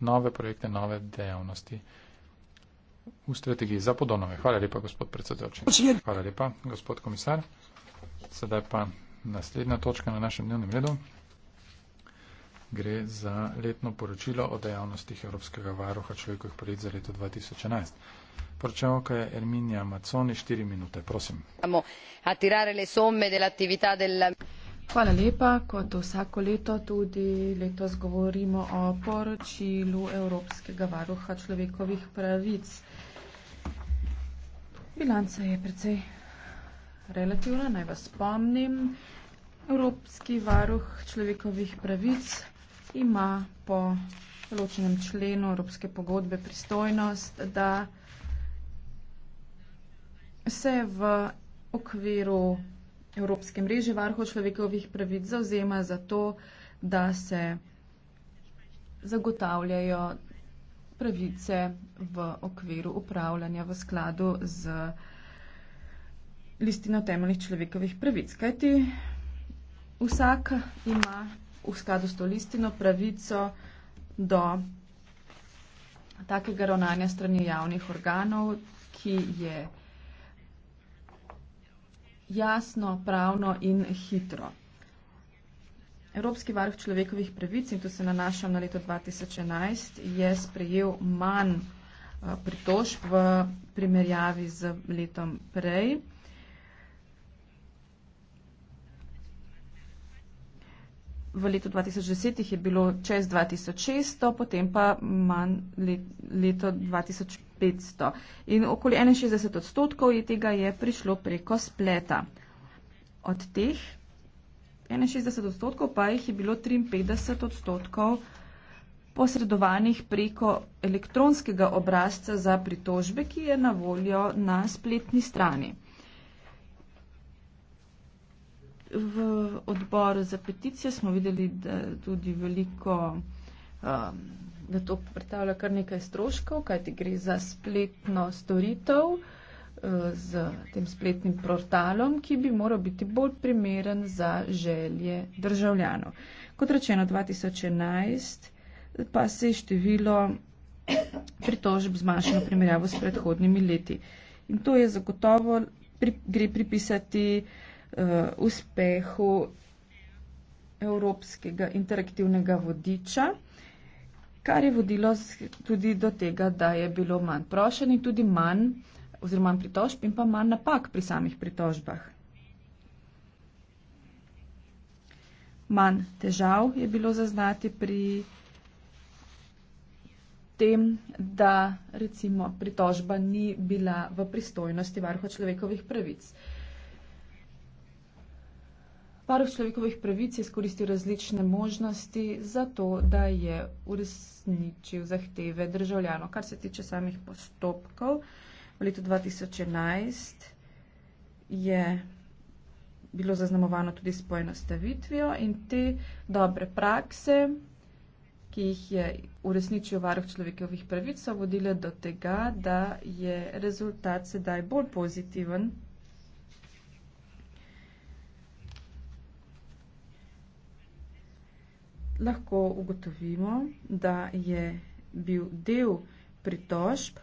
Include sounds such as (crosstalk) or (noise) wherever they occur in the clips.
nove projekte, nove dejavnosti v strategiji za podonove. Hvala lepa, gospod predsedoči. Hvala lepa, gospod komisar. Sedaj pa naslednja točka na našem dnevnem redu. Gre za letno poročilo o dejavnostih Evropskega varuha človekovih pravic za leto 2011. Porčevka je Erminija Maconi, štiri minute, prosim. Hvala lepa. Kot vsako leto, tudi letos govorimo o poročilu Evropskega varuha človekovih pravic. Bilanca je precej relativna, naj vas spomnim. Evropski varuh človekovih pravic ima po določenem členu Evropske pogodbe pristojnost, da se v okviru Evropske mreže varho človekovih pravic zauzema za to, da se zagotavljajo pravice v okviru upravljanja v skladu z listino temeljnih človekovih pravic. Kajti vsak ima v skladu s to listino pravico do takega ravnanja strani javnih organov, ki je jasno, pravno in hitro. Evropski varuh človekovih pravic, in to se nanaša na leto 2011, je sprejel manj eh, pritožb v primerjavi z letom prej. V letu 2010 jih je bilo čez 2600, potem pa manj let, leto 2015. 500. In okoli 61 odstotkov je tega je prišlo preko spleta. Od teh 61 odstotkov pa jih je bilo 53 odstotkov posredovanih preko elektronskega obrazca za pritožbe, ki je na voljo na spletni strani. V odboru za peticije smo videli, da tudi veliko um, da to predstavlja kar nekaj stroškov, kajti gre za spletno storitev eh, z tem spletnim portalom, ki bi moral biti bolj primeren za želje državljanov. Kot rečeno, 2011 pa se je število pritožb zmanjšalo primerjavo s predhodnimi leti. In to je zagotovo pri, gre pripisati uh, uspehu evropskega interaktivnega vodiča kar je vodilo tudi do tega, da je bilo manj prošen in tudi manj oziroma manj pritožb in pa manj napak pri samih pritožbah. Manj težav je bilo zaznati pri tem, da recimo pritožba ni bila v pristojnosti varuha človekovih pravic. Uh, Varuh človekovih pravic je skoristil različne možnosti za to, da je uresničil zahteve državljanov. Kar se tiče samih postopkov, v letu 2011 je bilo zaznamovano tudi spojeno stavitvijo in te dobre prakse, ki jih je uresničil Varuh človekovih pravic, so vodile do tega, da je rezultat sedaj bolj pozitiven. lahko ugotovimo, da je bil del pritožb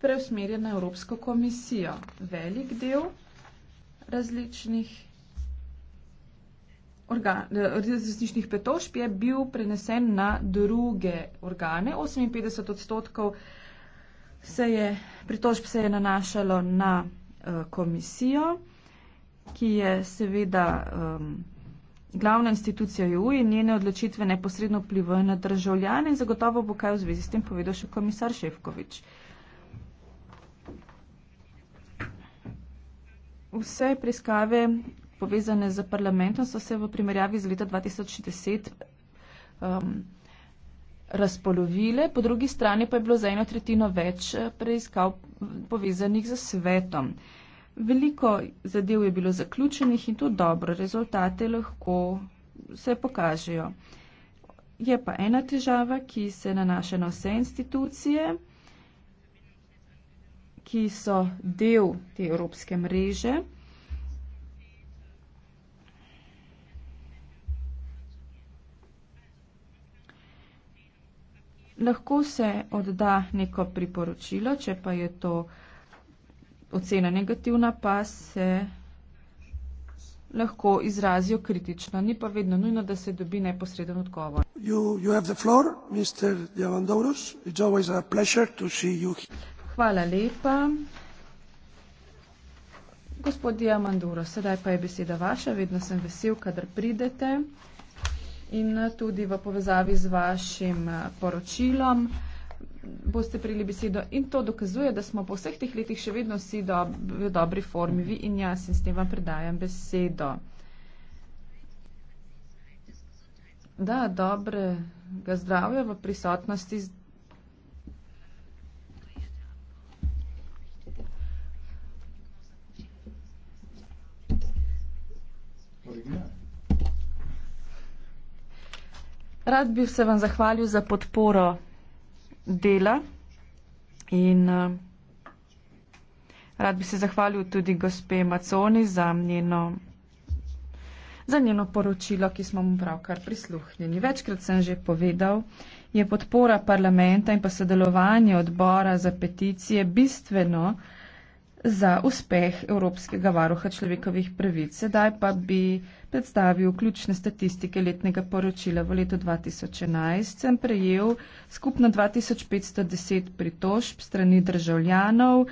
preusmerjen na Evropsko komisijo. Velik del različnih Različnih petošb je bil prenesen na druge organe. 58 odstotkov se je, pritožb se je nanašalo na uh, komisijo, ki je seveda um, glavna institucija EU in njene odločitve neposredno vplivajo na državljane in zagotovo bo kaj v zvezi s tem povedal še komisar Šefkovič. Vse preiskave povezane z parlamentom so se v primerjavi z leta 2010 um, razpolovile, po drugi strani pa je bilo za eno tretjino več eh, preiskav povezanih z svetom. Uh, Veliko zadev je bilo zaključenih in to dobro, rezultate lahko se pokažejo. Je pa ena težava, ki se nanaša na vse institucije, ki so del te evropske mreže. Lahko se odda neko priporočilo, če pa je to ocena negativna, pa se lahko izrazijo kritično. Ni pa vedno nujno, da se dobi neposreden odgovor. You, you floor, Hvala lepa. Gospod Diamanduro, sedaj pa je beseda vaša, vedno sem vesel, kadar pridete in tudi v povezavi z vašim eh, poročilom boste prijeli besedo in to dokazuje, da smo po vseh teh letih še vedno vsi do, v dobri formi, vi in jaz in s tem vam predajam besedo. Da, dobrega zdravja v prisotnosti. Rad bi se vam zahvalil za podporo dela. In eh, rad bi se zahvalil tudi gospe Maconi za njeno, za njeno poročilo, ki smo mu pravkar prisluhnjeni. Večkrat sem že povedal, je podpora parlamenta in pa sodelovanje odbora za peticije bistveno, za uspeh Evropskega varuha človekovih pravic. Sedaj pa bi predstavil ključne statistike letnega poročila. V letu 2011 sem prejel skupno 2510 pritožb strani državljanov,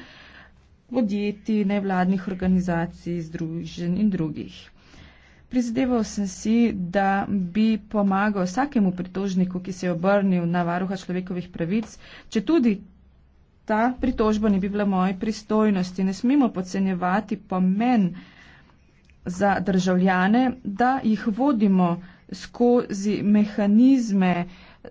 podjetij, nevladnih organizacij, združen in drugih. Prizadeval sem si, da bi pomagal vsakemu pritožniku, ki se je obrnil na varuha človekovih pravic, če tudi ta pritožba ne bi bila moje pristojnosti. Ne smemo podcenjevati pomen za državljane, da jih vodimo skozi mehanizme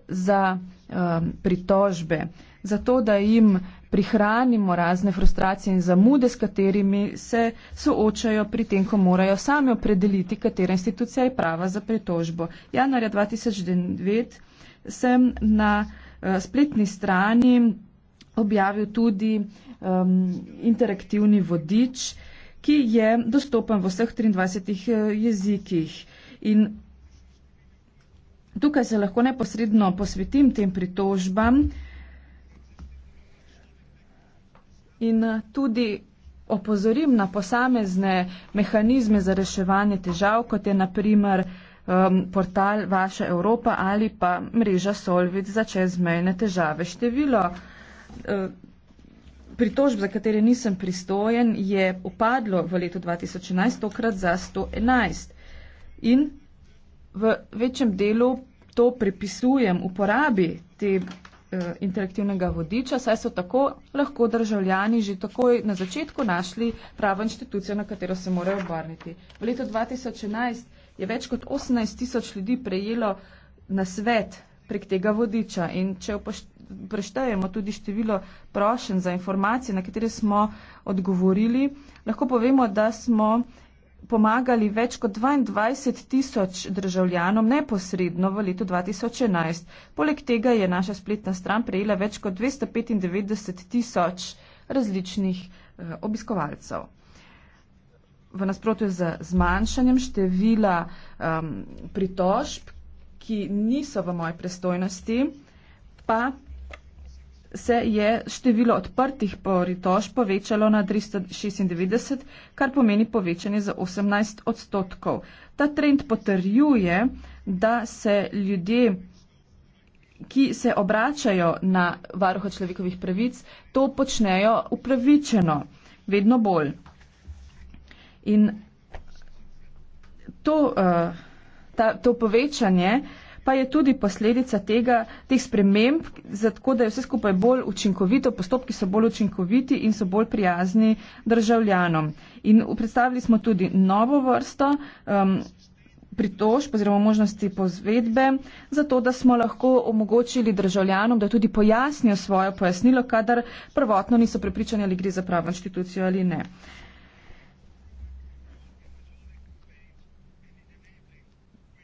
za um, pritožbe, zato da jim prihranimo razne frustracije in zamude, s katerimi se soočajo pri tem, ko morajo sami opredeliti, katera institucija je prava za pritožbo. Januarja 2009 sem na uh, spletni strani objavil tudi um, interaktivni vodič, ki je dostopen v vseh 23 eh, jezikih. In tukaj se lahko neposredno posvetim tem pritožbam in eh, tudi opozorim na posamezne mehanizme za reševanje težav, kot je naprimer um, portal Vaša Evropa ali pa mreža Solvit za čezmejne težave. Število Eh, pritožb, za katere nisem pristojen, je upadlo v letu 2011 tokrat za 111. In v večjem delu to prepisujem uporabi te eh, interaktivnega vodiča, saj so tako lahko državljani že takoj na začetku našli pravo inštitucijo, na katero se morajo obrniti. V letu 2011 je več kot 18 tisoč ljudi prejelo na svet prek tega vodiča in če preštejemo tudi število prošen za informacije, na katere smo odgovorili, lahko povemo, da smo pomagali več kot 22 tisoč državljanom neposredno v letu 2011. Poleg tega je naša spletna stran prejela več kot 295 tisoč različnih eh, obiskovalcev. V nasprotju z zmanjšanjem števila um, pritožb, ki niso v moji prestojnosti, pa se je število odprtih poritož povečalo na 396, kar pomeni povečanje za 18 odstotkov. Ta trend potrjuje, da se ljudje, ki se obračajo na varuha človekovih pravic, to počnejo upravičeno, vedno bolj. In to, uh, ta, to povečanje uh, pa je tudi posledica tega, teh sprememb, zato da je vse skupaj bolj učinkovito, postopki so bolj učinkoviti in so bolj prijazni državljanom. In predstavili smo tudi novo vrsto. Um, pritožb oziroma možnosti pozvedbe, zato da smo lahko omogočili državljanom, da tudi pojasnijo svojo pojasnilo, kadar prvotno niso prepričani, ali gre za pravo inštitucijo ali ne.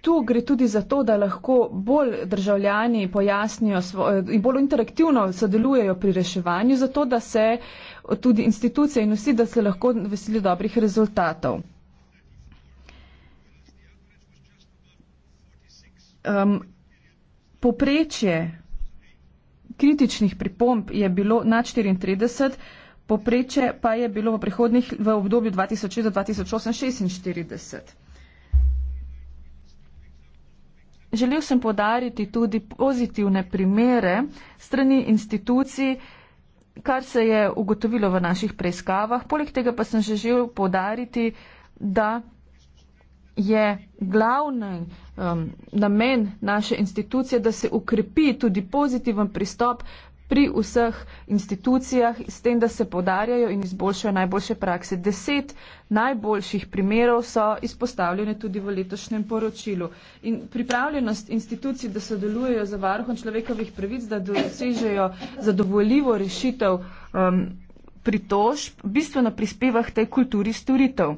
tu gre tudi za to, da lahko bolj državljani pojasnijo svoje in bolj interaktivno sodelujejo pri reševanju, zato da se tudi institucije in vsi, da se lahko veselijo dobrih rezultatov. Um, poprečje kritičnih pripomb je bilo na 34, poprečje pa je bilo v prihodnih v obdobju 2006 do 2048. Želel sem podariti tudi pozitivne primere strani institucij, kar se je ugotovilo v naših preiskavah. Poleg tega pa sem želel podariti, da je glavni um, namen naše institucije, da se ukrepi tudi pozitiven pristop pri vseh institucijah, s tem, da se podarjajo in izboljšajo najboljše prakse. Deset najboljših primerov so izpostavljene tudi v letošnjem poročilu. In pripravljenost institucij, da sodelujejo za varhom človekovih pravic, da dosežejo zadovoljivo rešitev um, pritožb, bistveno prispeva k tej kulturi storitev.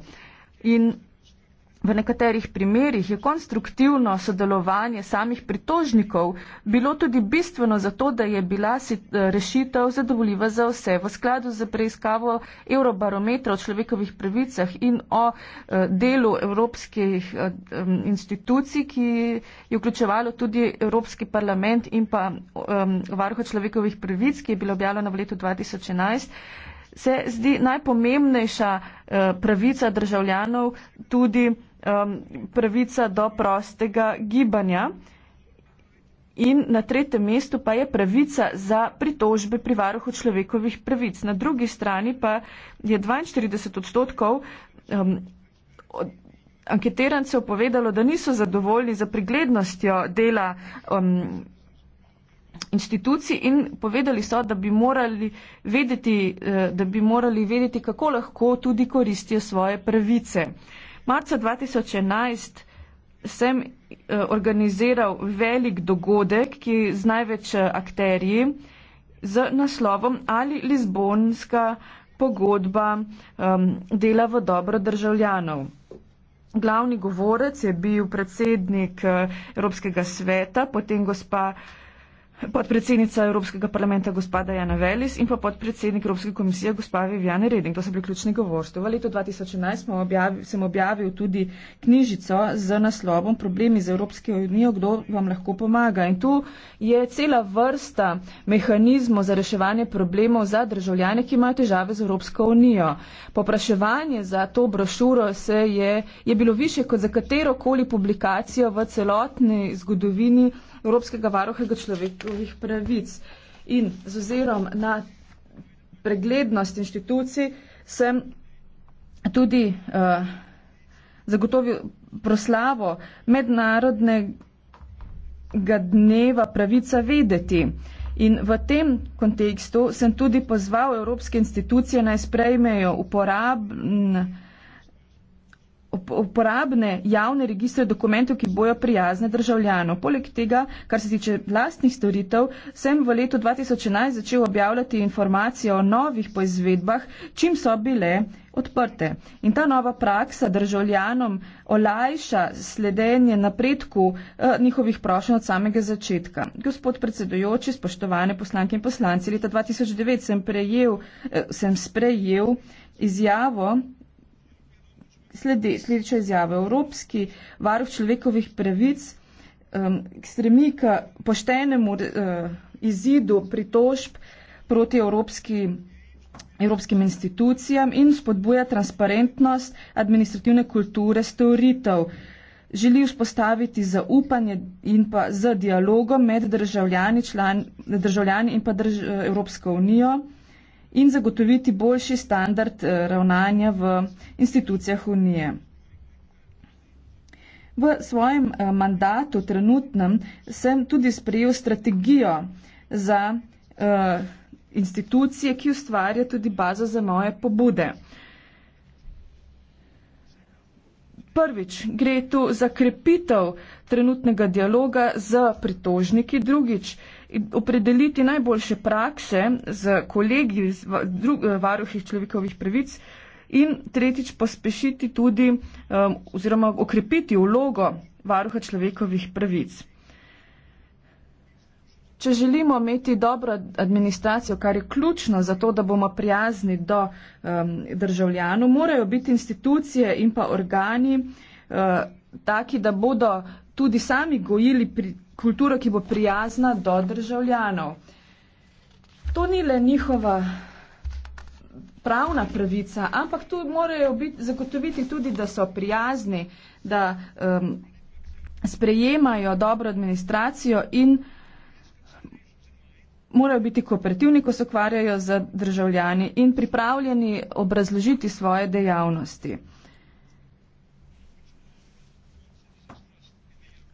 In V nekaterih primerjih je konstruktivno sodelovanje samih pritožnikov bilo tudi bistveno za to, da je bila eh, rešitev zadovoljiva za vse. V skladu za preiskavo Eurobarometra o človekovih pravicah in o eh, delu evropskih eh, institucij, ki je vključevalo tudi Evropski parlament in pa varho človekovih pravic, ki je bilo objavljeno v letu 2011, se zdi najpomembnejša pravica državljanov tudi um, pravica do prostega gibanja. In na tretjem mestu pa je pravica za pritožbe pri varuhu človekovih pravic. Na drugi strani pa je 42 odstotkov um, od, anketirancev povedalo, da niso zadovoljni za preglednostjo dela um, inštitucij in povedali so, da bi, vedeti, uh, da bi morali vedeti, kako lahko tudi koristijo svoje pravice. Um, Marca 2011 sem eh, organiziral velik dogodek, ki z največ eh, akterji, z naslovom Ali Lizbonska pogodba um, dela v dobro državljanov. Glavni govorec je bil predsednik eh, Evropskega sveta, potem gospa uh, podpredsednica Evropskega parlamenta gospoda Jana Velis in pa podpredsednik Evropske komisije gospa Vivjana Reding. To so bili ključni govorstvo. V letu 2011 smo objavil, sem objavil tudi knjižico z naslovom Problemi z Evropske unijo, kdo vam lahko pomaga. In tu je cela vrsta mehanizmov za reševanje problemov za državljane, ki imajo težave z Evropsko unijo. Popraševanje za to brošuro se je, je bilo više kot za katero koli publikacijo v celotni zgodovini. Evropskega varuha človekovih pravic. In z ozirom na preglednost inštitucij sem tudi uh, zagotovil proslavo mednarodnega dneva pravica vedeti. In v tem kontekstu sem tudi pozval evropske institucije naj sprejmejo uporabne uporabne javne registre dokumentov, ki bojo prijazne državljano. Poleg tega, kar se tiče vlastnih storitev, sem v letu 2011 začel objavljati informacije o novih poizvedbah, čim so bile odprte. In ta nova praksa državljanom olajša sledenje napredku eh, njihovih prošenj od samega začetka. Gospod predsedujoči, spoštovane poslanke in poslanci, leta 2009 sem, prejel, eh, sem sprejel izjavo, sledi, sledeče izjave. Evropski varuh človekovih pravic um, stremi k poštenemu uh, izidu pritožb proti evropski, evropskim institucijam in spodbuja transparentnost administrativne kulture storitev. Želi vzpostaviti zaupanje in pa z dialogom med državljani, član, državljani in pa drž, eh, Evropsko unijo in zagotoviti boljši standard eh, ravnanja v institucijah Unije. V svojem eh, mandatu trenutnem sem tudi sprejel strategijo za eh, institucije, ki ustvarja tudi bazo za moje pobude. Prvič, gre tu za krepitev trenutnega dialoga z pritožniki, drugič, opredeliti najboljše prakse z kolegi, z varuhi človekovih pravic in tretjič, pospešiti tudi um, oziroma okrepiti vlogo varuha človekovih pravic. Če želimo imeti dobro administracijo, kar je ključno za to, da bomo prijazni do um, državljanov, morajo biti institucije in pa organi uh, taki, da bodo tudi sami gojili pri, kulturo, ki bo prijazna do državljanov. To ni le njihova pravna pravica, ampak tu morajo biti, zagotoviti tudi, da so prijazni, da um, sprejemajo dobro administracijo in morajo biti kooperativni, ko se ukvarjajo z državljani in pripravljeni obrazložiti svoje dejavnosti.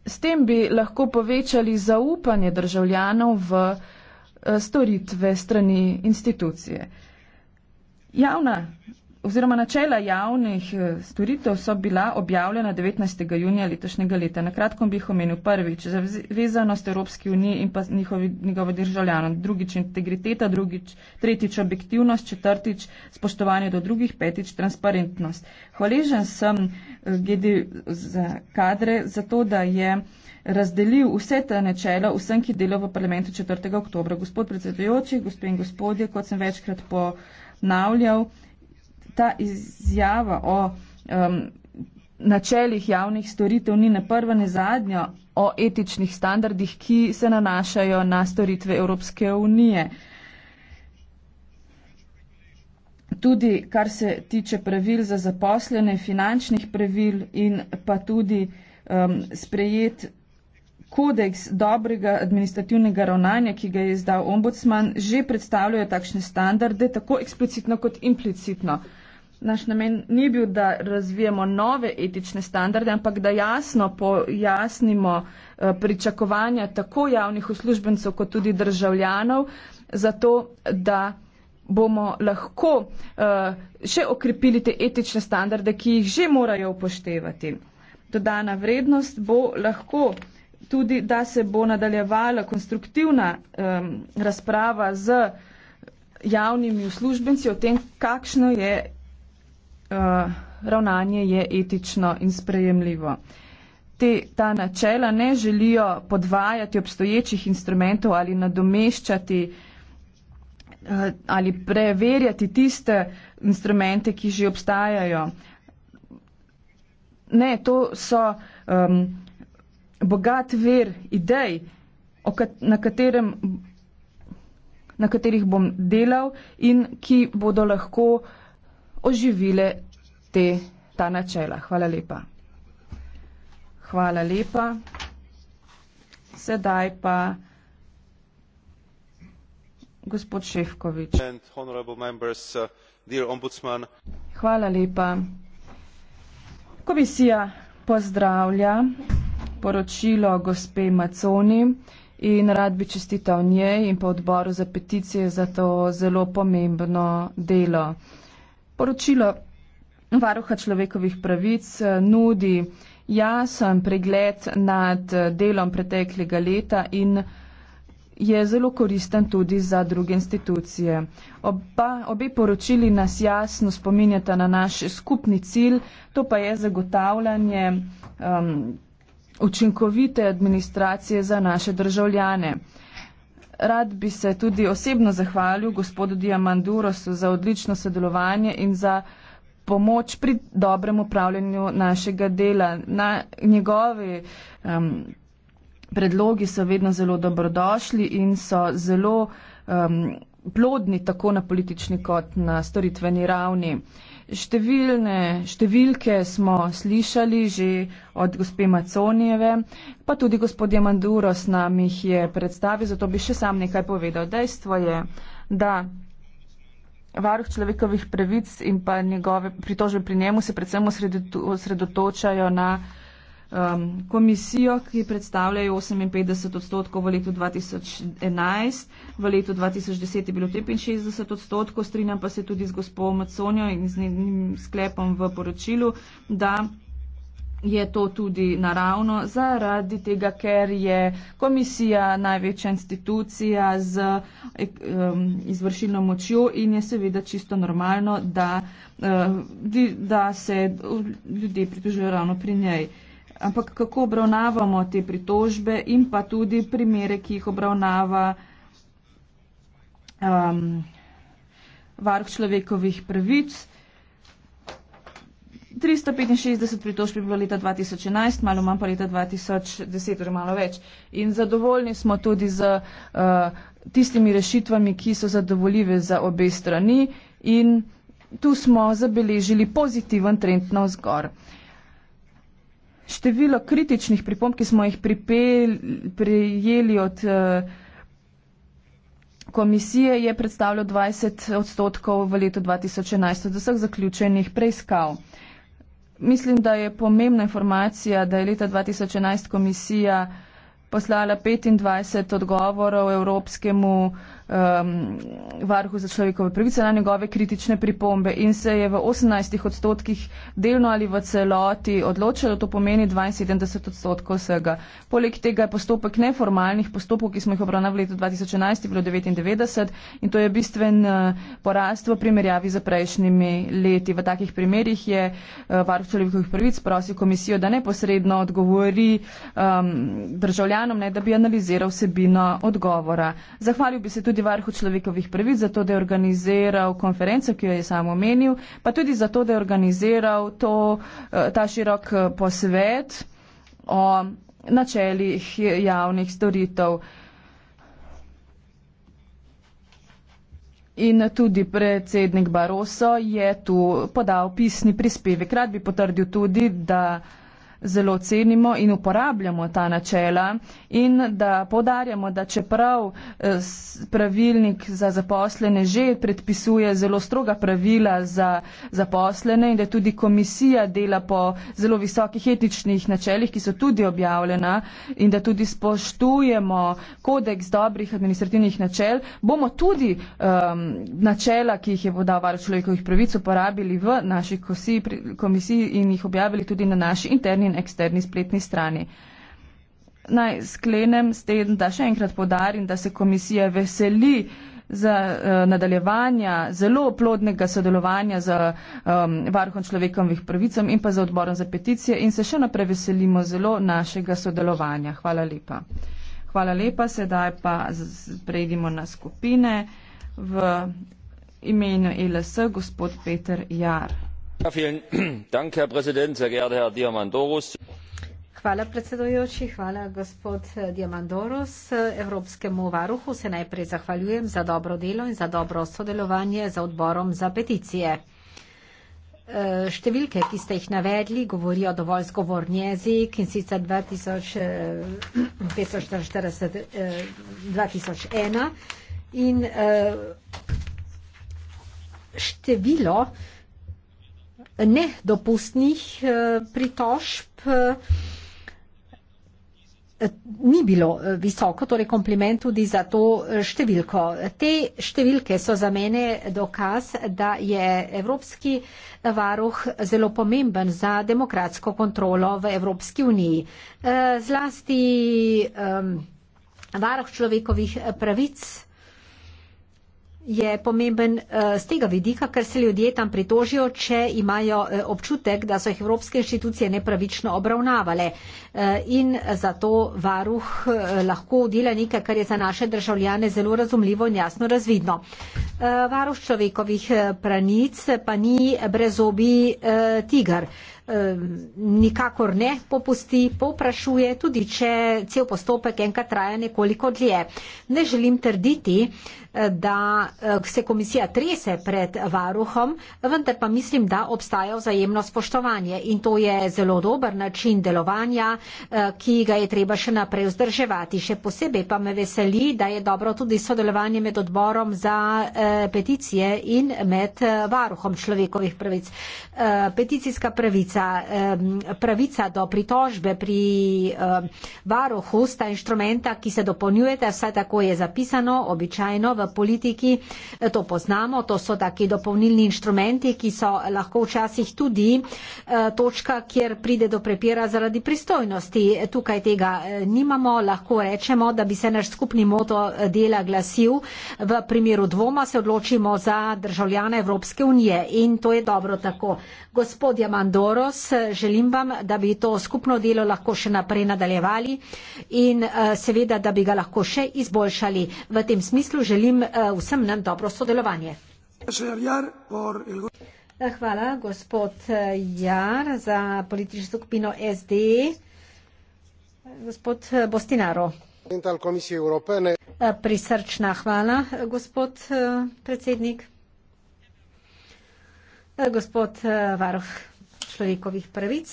S tem bi lahko povečali zaupanje državljanov v eh, storitve strani institucije. Javna oziroma načela javnih eh, storitev so bila objavljena 19. junija letošnjega leta. Na kratko bi jih omenil prvič, zavezanost Evropski uniji in pa njihovi, njegovo državljano, drugič integriteta, drugič, tretjič objektivnost, četrtič spoštovanje do drugih, petič transparentnost. Hvaležen sem eh, Gedi za kadre za to, da je razdelil vse ta načela vsem, ki delajo v parlamentu 4. oktobra. Gospod predsedujoči, gospe in gospodje, kot sem večkrat ponavljal, ta izjava o um, načeljih javnih storitev ni ne prva, ne zadnja o etičnih standardih, ki se nanašajo na storitve Evropske unije. Tudi kar se tiče pravil za zaposlene, finančnih pravil in pa tudi um, sprejet kodeks dobrega administrativnega ravnanja, ki ga je izdal ombudsman, že predstavljajo takšne standarde, tako eksplicitno kot implicitno naš namen ni bil, da razvijemo nove etične standarde, ampak da jasno pojasnimo eh, pričakovanja tako javnih uslužbencev kot tudi državljanov, zato da bomo lahko eh, še okrepili te etične standarde, ki jih že morajo upoštevati. Dodana vrednost bo lahko tudi, da se bo nadaljevala konstruktivna um, razprava z javnimi uslužbenci o tem, kakšno je Eh, ravnanje je etično in sprejemljivo. Te, ta načela ne želijo podvajati obstoječih instrumentov ali nadomeščati eh, ali preverjati tiste instrumente, ki že obstajajo. Ne, to so um, bogat ver idej, kat na, katerem, na katerih bom delal in ki bodo lahko uh, oživile te, ta načela. Hvala lepa. Hvala lepa. Sedaj pa gospod Šefkovič. Uh, Hvala lepa. Komisija pozdravlja poročilo gospe Maconi in rad bi čestital njej in pa odboru za peticije za to zelo pomembno delo. Poročilo Varuha človekovih pravic eh, nudi jasen pregled nad eh, delom preteklega leta in je zelo koristen tudi za druge institucije. Oba, obe poročili nas jasno spominjata na naš skupni cilj, to pa je zagotavljanje um, učinkovite administracije za naše državljane. Rad bi se tudi osebno zahvalil gospodu Diamandurosu za odlično sodelovanje in za pomoč pri dobrem upravljanju našega dela. Na njegovi um, predlogi so vedno zelo dobrodošli in so zelo um, plodni tako na politični kot na storitveni ravni. Številne številke smo slišali že od gospe Maconijeve, pa tudi gospodje Manduro s nami jih je predstavil, zato bi še sam nekaj povedal. Dejstvo je, da varuh človekovih pravic in pa njegove pritožbe pri njemu se predvsem osredotočajo na um, komisijo, ki predstavljajo 58 odstotkov v letu 2011, v letu 2010 je bilo 65 odstotkov, strinjam pa se tudi z gospodom Maconjo in z njenim sklepom v poročilu, da je to tudi naravno zaradi tega, ker je komisija največja institucija z um, izvršilno močjo in je seveda čisto normalno, da, uh, di, da se ljudje pritožijo ravno pri njej. Uh, Ampak kako obravnavamo te pritožbe in pa tudi primere, ki jih obravnava um, varh človekovih pravic? 365 pritožb je bilo leta 2011, malo manj pa leta 2010, torej malo več. In zadovoljni smo tudi z uh, tistimi rešitvami, ki so zadovoljive za obe strani in tu smo zabeležili pozitiven trend na vzgor. Uh, Število kritičnih pripomb, ki smo jih pripel, prijeli od eh, komisije, je predstavljalo 20 odstotkov v letu 2011 od vseh zaključenih preiskav. Mislim, da je pomembna informacija, da je leta 2011 komisija poslala 25 odgovorov Evropskemu uh, um, varhu za človekove pravice na njegove kritične pripombe in se je v 18 odstotkih delno ali v celoti odločilo, to pomeni 72 odstotkov vsega. Poleg tega je postopek neformalnih postopkov, ki smo jih obravnavali v letu 2011, bilo 99 in to je bistven uh, porast v primerjavi z prejšnjimi leti. V takih primerjih je uh, varh človekovih pravic prosil komisijo, da neposredno odgovori um, državljanom, ne da bi analiziral vsebino odgovora. Zahvalil bi se tudi tudi varhu človekovih pravic za to, da je organiziral konferenco, ki jo je sam omenil, pa tudi za to, da je organiziral to, eh, ta širok eh, posvet o načelih javnih storitev. In tudi predsednik Baroso je tu podal pisni prispevek. Rad bi potrdil tudi, da zelo cenimo in uporabljamo ta načela in da podarjamo, da čeprav eh, pravilnik za zaposlene že predpisuje zelo stroga pravila za zaposlene in da tudi komisija dela po zelo visokih etičnih načelih, ki so tudi objavljena in da tudi spoštujemo kodeks dobrih administrativnih načel, bomo tudi um, načela, ki jih je podal varo človekovih pravic, uporabili v naši komisiji in jih objavili tudi na naši interni in eksterni spletni strani. Naj sklenem s tem, da še enkrat podarim, da se komisija veseli za uh, nadaljevanja zelo plodnega sodelovanja z um, ehm, varhom človekovih prvicom in pa z odborom za peticije in se še naprej veselimo zelo našega sodelovanja. Hvala lepa. Hvala lepa, sedaj pa prejdimo na skupine v imenu LS gospod Peter Jar. Ja, (clears throat) herr präsident sehr geehrter herr diamandouros! hvala predsedujoči hvala gospod eh, diamandouros eh, evropskemu varuhu se najprej zahvaljujem za dobro delo in za dobro sodelovanje z odborom za peticije. Eh, številke, ki ste jih navedli, govorijo dovolj zgovorni jezik in sicer 2000, 2001 in število nedopustnih eh, pritožb eh, ni bilo eh, visoko, torej kompliment tudi za to številko. Te številke so za mene dokaz, da je Evropski varuh zelo pomemben za demokratsko kontrolo v Evropski uniji. Zlasti ehm, varuh človekovih pravic je pomemben z eh, tega vidika, ker se ljudje tam pritožijo, če imajo eh, občutek, da so jih evropske inštitucije nepravično obravnavale. Eh, in zato varuh lahko udela nekaj, kar je za naše državljane zelo razumljivo in jasno razvidno. Varuh človekovih pranic pa ni brezobi tigar nikakor ne popusti, povprašuje, tudi če cel postopek enkrat traja nekoliko dlje. Ne želim trditi, eh, da eh, se komisija trese pred varuhom, vendar pa mislim, da obstaja vzajemno spoštovanje in to je zelo dober način delovanja, eh, ki ga je treba še naprej vzdrževati. Še posebej pa me veseli, da je dobro tudi sodelovanje med odborom za peticije in med varuhom človekovih pravic. Peticijska pravica pravica, pravica do pritožbe pri varohu sta inštrumenta, ki se dopolnjujete, vsaj tako je zapisano običajno v politiki. Eh, to poznamo, to so taki dopolnilni inštrumenti, ki so lahko včasih tudi eh, točka, kjer pride do prepira zaradi pristojnosti. Tukaj tega eh, nimamo, lahko rečemo, da bi se naš skupni moto dela glasil. V primeru dvoma se odločimo za državljane Evropske unije in to je dobro tako. Gospod Jamandoro, Ambros, eh, želim vam, da bi to skupno delo lahko še naprej nadaljevali in eh, seveda, da bi ga lahko še izboljšali. V tem smislu želim eh, vsem nam dobro sodelovanje. Hvala, gospod Jar, za politično skupino SD. Gospod Bostinaro. Prisrčna hvala, gospod predsednik. Gospod Varuh človekovih pravic.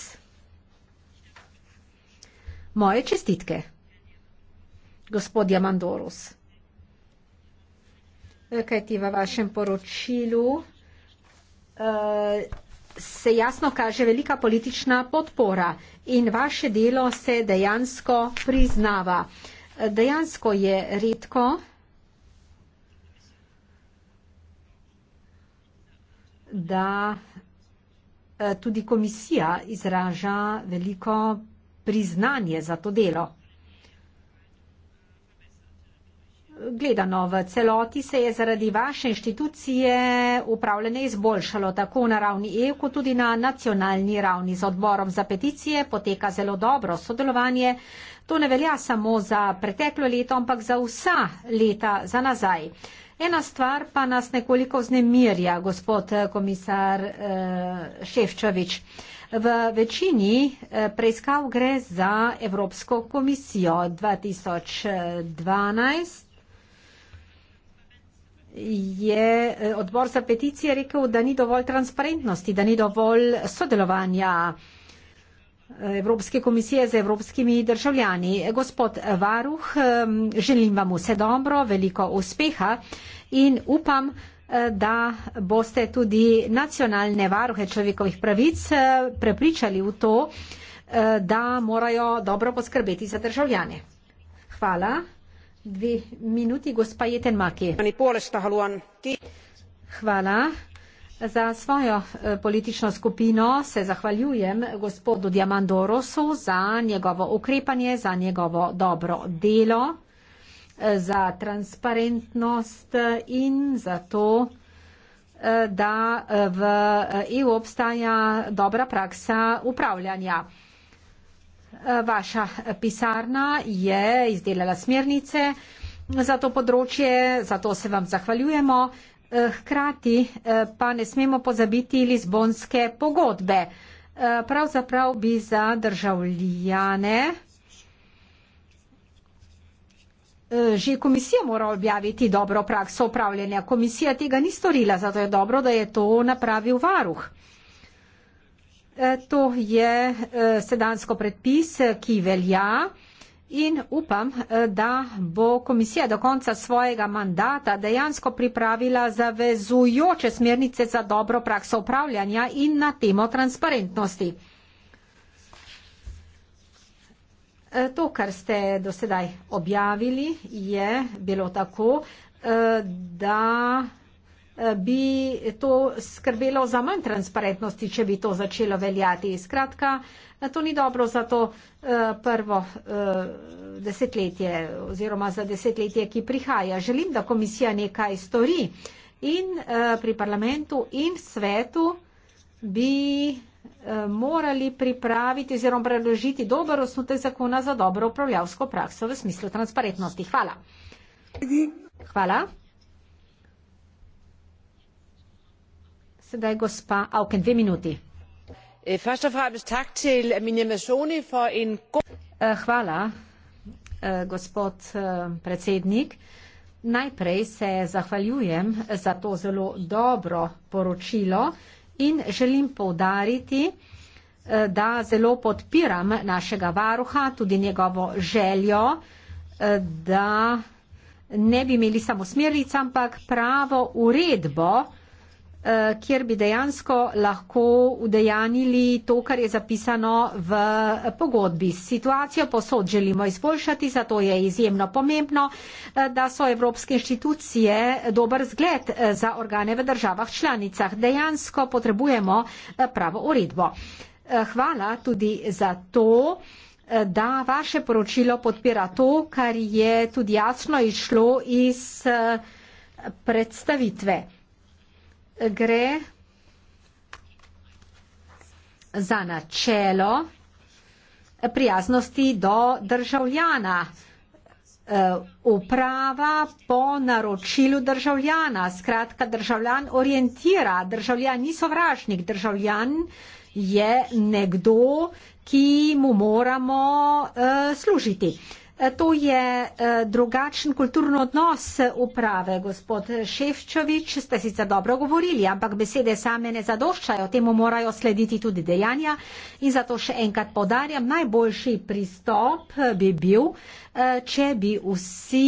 Moje čestitke, gospod Jamandorus. E, Kaj ti v vašem poročilu e, se jasno kaže velika politična podpora in vaše delo se dejansko priznava. E, dejansko je redko, da Eh, tudi komisija izraža veliko priznanje za to delo. Gledano v celoti se je zaradi vaše inštitucije upravljanje izboljšalo tako na ravni EU, kot tudi na nacionalni ravni. Z odborom za peticije poteka zelo dobro sodelovanje. To ne velja samo za preteklo leto, ampak za vsa leta za nazaj. Uh, Ena stvar pa nas nekoliko znemirja, gospod eh, komisar eh, Ševčovič. V večini eh, preiskav gre za Evropsko komisijo 2012 je odbor za peticije rekel, da ni dovolj transparentnosti, da ni dovolj sodelovanja eh, Evropske komisije z evropskimi državljani. Gospod Varuh, želim vam vse dobro, veliko uspeha in upam, eh, da boste tudi nacionalne varuhe človekovih pravic eh, prepričali v to, eh, da morajo dobro poskrbeti za državljane. Hvala. Dve minuti, gospa Jeten Maki. Hvala. Za svojo e, politično skupino se zahvaljujem gospodu Diamandorosu za njegovo ukrepanje, za njegovo dobro delo, e, za transparentnost e, in za to, da v EU obstaja dobra praksa upravljanja. Vaša pisarna je izdelala smernice za to področje, zato se vam zahvaljujemo. Eh, hkrati eh, pa ne smemo pozabiti Lizbonske pogodbe. Eh, pravzaprav bi za državljane že komisija mora objaviti dobro prakso upravljanja. Komisija tega ni storila, zato je dobro, da je to napravil varuh. To je sedansko predpis, ki velja. In upam, eh, da bo komisija do konca svojega mandata dejansko pripravila zavezujoče smernice za dobro prakso upravljanja in na temo transparentnosti. Eh, to, kar ste do sedaj objavili, je bilo tako, eh, da Eh, bi to skrbelo za manj transparentnosti, če bi to začelo veljati. Skratka, eh, to ni dobro za to eh, prvo desetletje oziroma za desetletje, ki prihaja. Želim, da komisija nekaj stori in pri parlamentu in svetu bi morali pripraviti oziroma preložiti dober osnutek zakona za dobro upravljavsko prakso v smislu transparentnosti. Hvala. Hvala. sedaj gospa auken dve minuti eh, eh, hvala eh, gospod predsednik najprej se zahvaljujem za to zelo dobro poročilo in želim poudariti da zelo podpiram našega varuha tudi njegovo željo da ne bi imeli samo smernic ampak pravo uredbo Eh, kjer bi dejansko lahko udejanili to, kar je zapisano v pogodbi. Situacijo posod želimo izboljšati, zato je izjemno pomembno, eh, da so evropske inštitucije dober zgled eh, za organe v državah članicah. Dejansko potrebujemo pravo uredbo. Hvala tudi za to da vaše poročilo podpira to, kar je tudi jasno išlo iz predstavitve gre za načelo prijaznosti do državljana. E, uprava po naročilu državljana. Skratka, državljan orientira, državljan ni sovražnik, državljan je nekdo, ki mu moramo uh, služiti. Uh, Eh, to je eh, drugačen kulturni odnos uprave, gospod Ševčovič. Ste sicer dobro govorili, ampak besede same ne zadoščajo, temu morajo slediti tudi dejanja. In zato še enkrat podarjam, najboljši pristop eh, bi bil, če bi vsi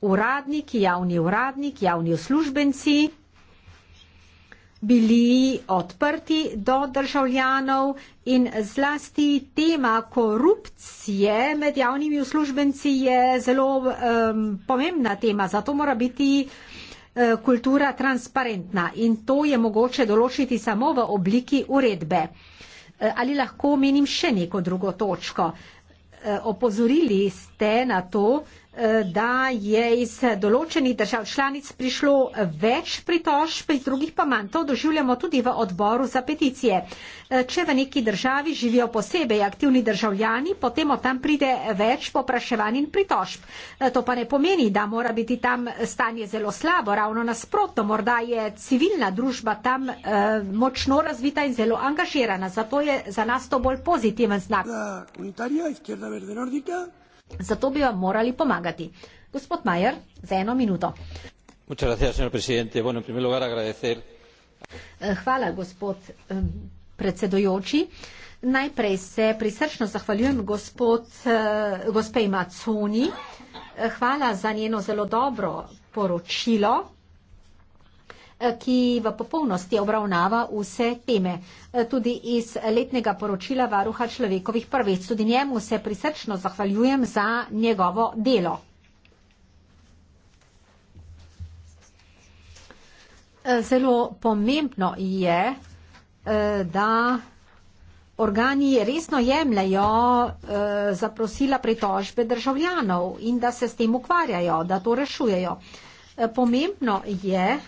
uradniki, javni uradniki, javni uslužbenci, bili odprti do državljanov in zlasti tema korupcije med javnimi uslužbenci je zelo um, pomembna tema, zato mora biti e, kultura transparentna in to je mogoče določiti samo v obliki uredbe. E, ali lahko menim še neko drugo točko? E, opozorili ste na to, da je iz določenih držav članic prišlo več pritožb, iz drugih pa manj. To doživljamo tudi v odboru za peticije. E, če v neki državi živijo posebej aktivni državljani, potem od tam pride več popraševanj in pritožb. E, to pa ne pomeni, da mora biti tam stanje zelo slabo, ravno nasprotno. Morda je civilna družba tam eh, močno razvita in zelo angažirana. Zato je za nas to bolj pozitiven znak. Da, Zato bi vam morali pomagati. Gospod Majer, za eno minuto. Eh, hvala, gospod predsedojoči. Najprej se prisrčno zahvaljujem gospod, eh, gospe Macuni. Eh, hvala za njeno zelo dobro poročilo. Eh, ki v popolnosti obravnava vse teme. Eh, tudi iz letnega poročila Varuha človekovih prvic. Tudi njemu se prisrčno zahvaljujem za njegovo delo. Eh, zelo pomembno je, da organi resno jemljajo zaprosila pritožbe državljanov in da se s tem ukvarjajo, da to rešujejo. Pomembno je,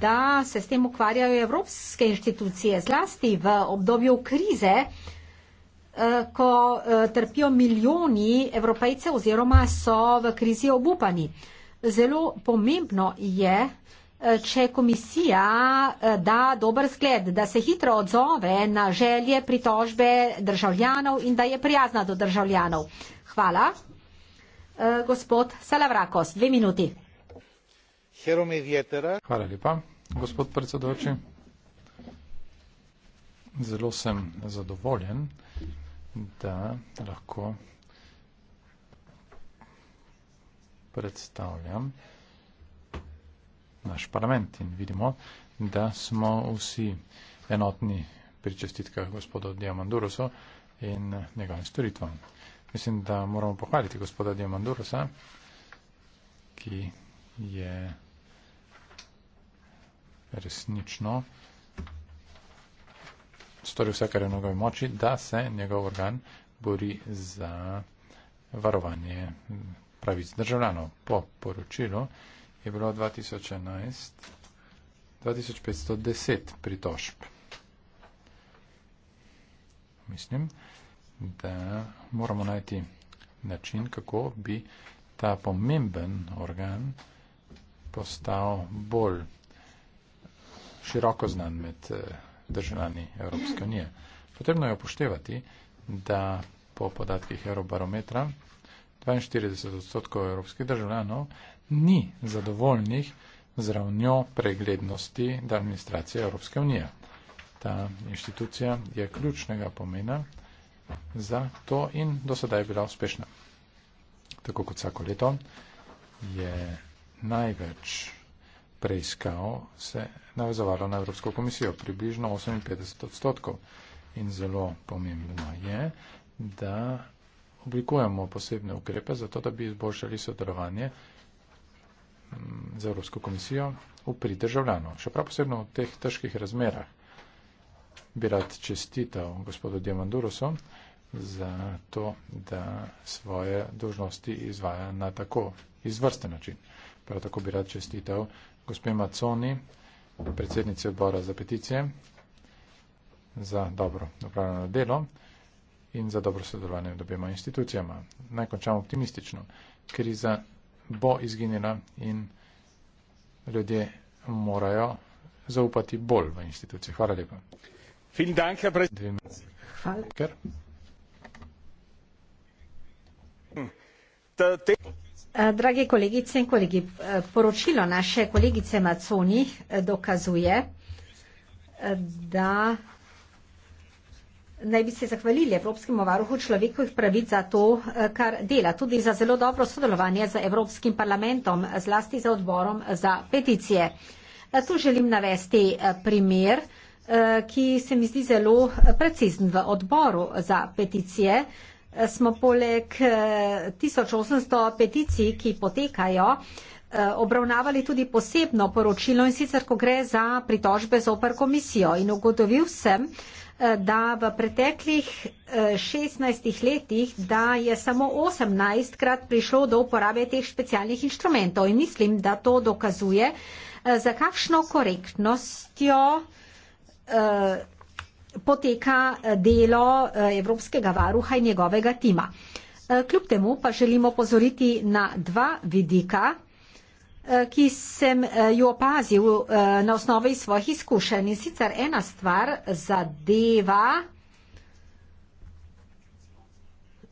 da se s tem ukvarjajo evropske inštitucije, zlasti v obdobju krize, eh, ko eh, trpijo milijoni evropejcev oziroma so v krizi obupani. Zelo pomembno je, eh, če komisija da dober zgled, da se hitro odzove na želje pritožbe državljanov in da je prijazna do državljanov. Hvala. Gospod Salavrakos, dve minuti. Hvala lepa, gospod predsedoči. Zelo sem zadovoljen, da lahko predstavljam naš parlament in vidimo, da smo vsi enotni pri čestitkah gospoda Diamandurosa in njegovim storitvam. Mislim, da moramo pohvaliti gospoda Diamandurosa, ki je resnično stori vse, kar je v njegovi moči, da se njegov organ bori za varovanje pravic državljanov. Po poročilu je bilo 2011 2510 pritožb. Mislim, da moramo najti način, kako bi ta pomemben organ postal bolj široko znan med eh, državljani Evropske unije. Potrebno je upoštevati, da po podatkih Eurobarometra 42 odstotkov evropskih državljanov ni zadovoljnih z ravnjo preglednosti administracije Evropske unije. Ta inštitucija je ključnega pomena za to in do sedaj je bila uspešna. Tako kot vsako leto je največ preiskav se navezovalo na Evropsko komisijo, približno 58 odstotkov. In zelo pomembno je, da oblikujemo posebne ukrepe za to, da bi izboljšali sodelovanje mm, z Evropsko komisijo v prid državljanov. Še prav posebno v teh težkih razmerah bi rad čestital gospodu Diamandurosu za to, da svoje dožnosti izvaja na tako izvrsten način. Prav tako bi rad čestital gospe Maconi, predsednici odbora za peticije, za dobro upravljeno delo in za dobro sodelovanje med obema institucijama. Naj končam optimistično. Kriza bo izginila in ljudje morajo zaupati bolj v institucije. Hvala lepa. Dank, Hvala. Hvala. Hvala. Hvala. Eh, drage kolegice in kolegi, eh, poročilo naše kolegice Maconi eh, dokazuje, da naj bi se zahvalili Evropskemu varuhu človekovih pravic za to, kar dela, tudi za zelo dobro sodelovanje z Evropskim parlamentom, zlasti za odborom za peticije. Tu želim navesti primer, ki se mi zdi zelo precizen v odboru za peticije smo poleg 1800 eh, peticij, ki potekajo, eh, obravnavali tudi posebno poročilo in sicer, ko gre za pritožbe z opr komisijo. In ugotovil sem, eh, da v preteklih 16 letih, da je samo 18 krat prišlo do uporabe teh specialnih inštrumentov. In mislim, da to dokazuje, za kakšno korektnostjo poteka eh, delo eh, Evropskega varuha in njegovega tima. Eh, kljub temu pa želimo pozoriti na dva vidika, ki sem ju opazil na osnovi svojih izkušenj. In sicer ena stvar zadeva,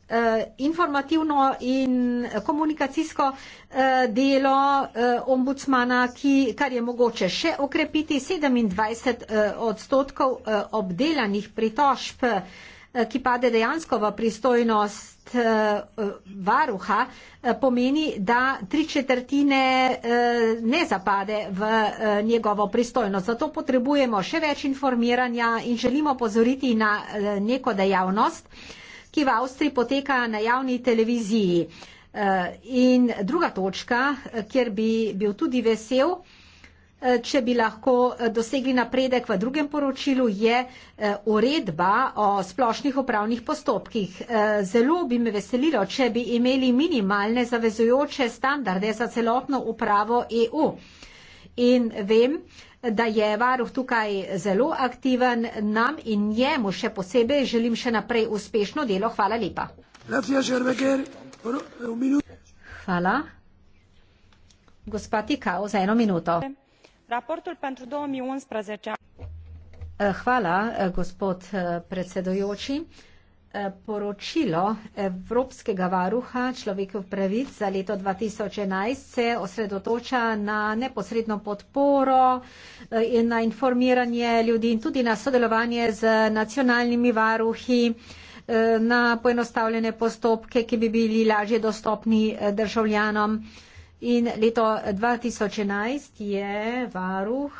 eh, informativno in komunikacijsko eh, delo eh, ombudsmana, ki, kar je mogoče še okrepiti. 27 eh, odstotkov eh, obdelanih pritožb, eh, ki pade dejansko v pristojnost eh, varuha eh, pomeni, da tri četrtine eh, ne zapade v njegovo pristojnost. Zato potrebujemo še več informiranja in želimo pozoriti na neko dejavnost, ki v Avstriji poteka na javni televiziji. Eh, in druga točka, eh, kjer bi bil tudi vesel, eh, če bi lahko dosegli napredek v drugem poročilu, je uredba o splošnih upravnih postopkih. Zelo bi me veselilo, če bi imeli minimalne zavezujoče standarde za celotno upravo EU. In vem, da je varuh tukaj zelo aktiven. Nam in njemu še posebej želim še naprej uspešno delo. Hvala lepa. Hvala. Gospod Tikao, za eno minuto. Eh, hvala, eh, gospod eh, predsedojoči. Eh, poročilo Evropskega varuha človekov pravic za leto 2011 se osredotoča na neposredno podporo eh, in na informiranje ljudi in tudi na sodelovanje z nacionalnimi varuhi, eh, na poenostavljene postopke, ki bi bili lažje dostopni državljanom. In leto 2011 je varuh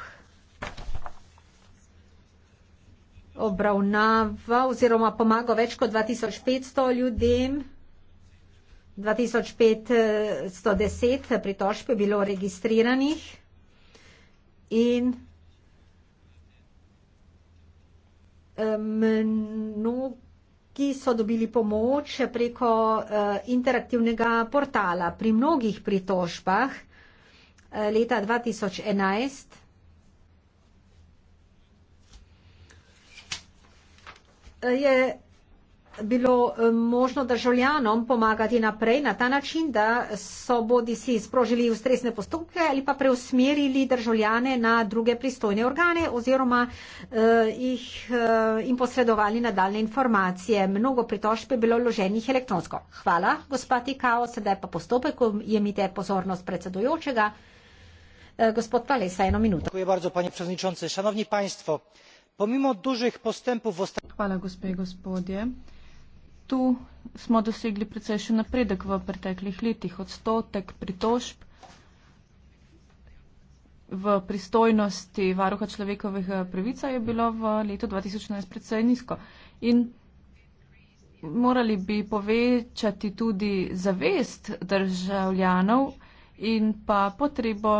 obravnava oziroma pomaga več kot 2500 ljudem. 2510 pritožb je bilo registriranih in eh, mnogi so dobili pomoč preko eh, interaktivnega portala. Pri mnogih pritožbah eh, leta 2011 je bilo eh, možno državljanom pomagati naprej na ta način, da so bodi si sprožili ustrezne postopke ali pa preusmerili državljane na druge pristojne organe oziroma eh, jih eh, in posredovali nadaljne informacije. Mnogo pritožb je bilo loženih elektronsko. Hvala, gospod Ikao, sedaj pa postopek, ko je mi te pozornost predsedojočega. Eh, gospod Palesa, eno minuto. Hvala, gospod predsednik. Šanovni predsednik pomimo dužih postępów v ostalih. Hvala, gospe in gospodje. Tu smo dosegli precejšen napredek v preteklih letih. Odstotek pritožb v pristojnosti varuha človekovih eh, pravica je bilo v letu 2011 precej nizko. In morali bi povečati tudi zavest državljanov in pa potrebo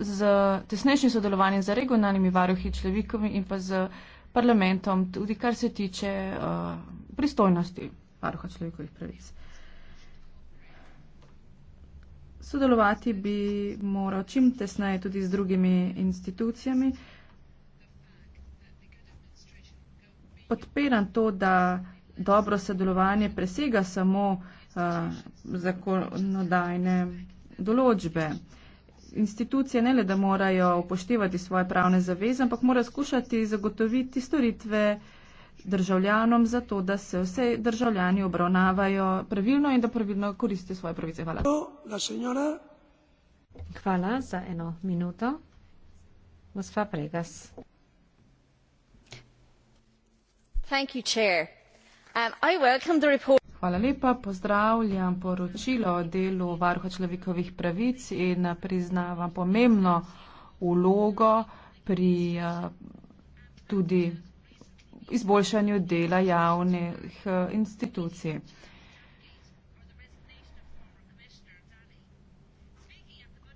z tesnejšim sodelovanjem z regionalnimi varuhi človekovi in pa z parlamentom, tudi kar se tiče uh, pristojnosti varuha človekovih pravic. Sodelovati bi moral čim tesneje tudi z drugimi institucijami. Podpiram to, da dobro sodelovanje presega samo uh, zakonodajne določbe. Uh, institucije ne le, da morajo upoštevati svoje pravne zaveze, ampak morajo skušati zagotoviti storitve državljanom za to, da se vse državljani obravnavajo pravilno in da pravilno koristijo svoje pravice. Hvala. Hvala za eno minuto. Gospa Pregas. Thank you, Chair. Um, I welcome the report. Hvala lepa. Pozdravljam poročilo o delu varuha človekovih pravic in priznavam pomembno ulogo pri eh, tudi izboljšanju dela javnih eh, institucij.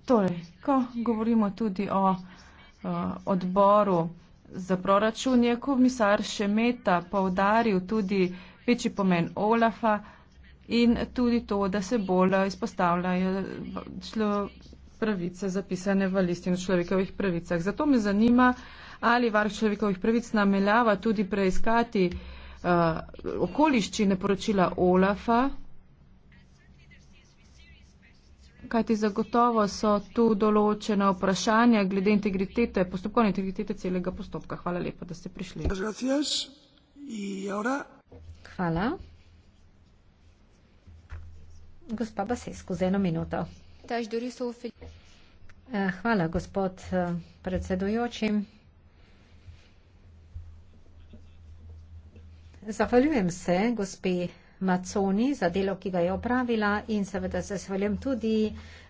Torej, ko govorimo tudi o eh, odboru za proračun, je komisar Šemeta poudaril tudi, večji pomen Olafa in tudi to, da se bolj izpostavljajo člo, pravice zapisane v listin o človekovih pravicah. Zato me zanima, ali varuh človekovih pravic nameljava tudi preiskati uh, okoliščine poročila Olafa. Kajti zagotovo so tu določena vprašanja glede integritete, postopkovne integritete celega postopka. Hvala lepa, da ste prišli. Gracias. In zdaj. Ahora... Hvala. Gospa Basesko, z eno minuto. Eh, hvala, gospod eh, predsedujoči. Zahvaljujem se gospe Maconi za delo, ki ga je opravila in seveda se zahvaljujem tudi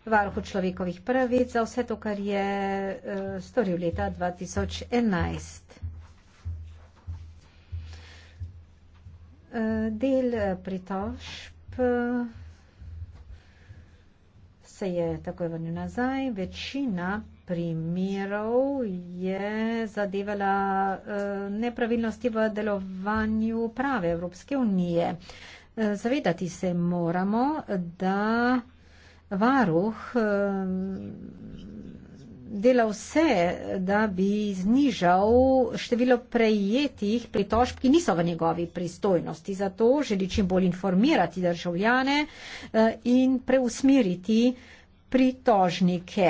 varhu človekovih pravic za vse to, kar je eh, storil leta 2011. Eh, del eh, pritožb eh, se je takoj vrnil nazaj. Večina primerov je zadevala nepravilnosti v delovanju prave Evropske unije. Zavedati se moramo, da varuh delal vse, da bi znižal število prejetih pritožb, ki niso v njegovi pristojnosti. Zato želi čim bolj informirati državljane eh, in preusmeriti pritožnike.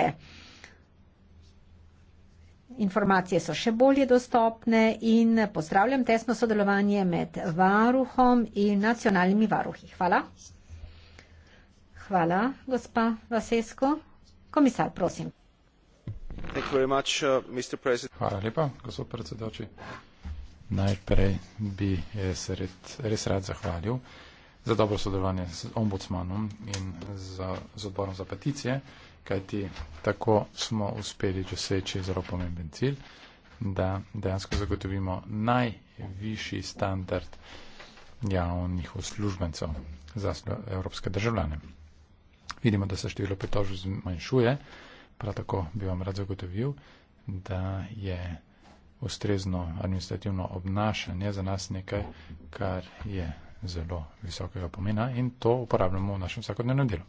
Informacije so še bolje dostopne in pozdravljam tesno sodelovanje med varuhom in nacionalnimi varuhi. Hvala. Hvala, gospa Vasesko. Komisar, prosim. Uh, Najprej bi jaz red, res rad zahvalil za dobro sodelovanje z ombudsmanom in za, z odborom za peticije, kajti tako smo uspeli doseči zelo pomemben cilj, da dejansko zagotovimo najvišji standard javnih uslužbencev za evropske državljane. Vidimo, da se število pritožb zmanjšuje. Uh, prav tako bi vam rad zagotovil, da je ustrezno administrativno obnašanje za nas nekaj, kar je zelo visokega pomena in to uporabljamo v našem vsakodnevnem delu.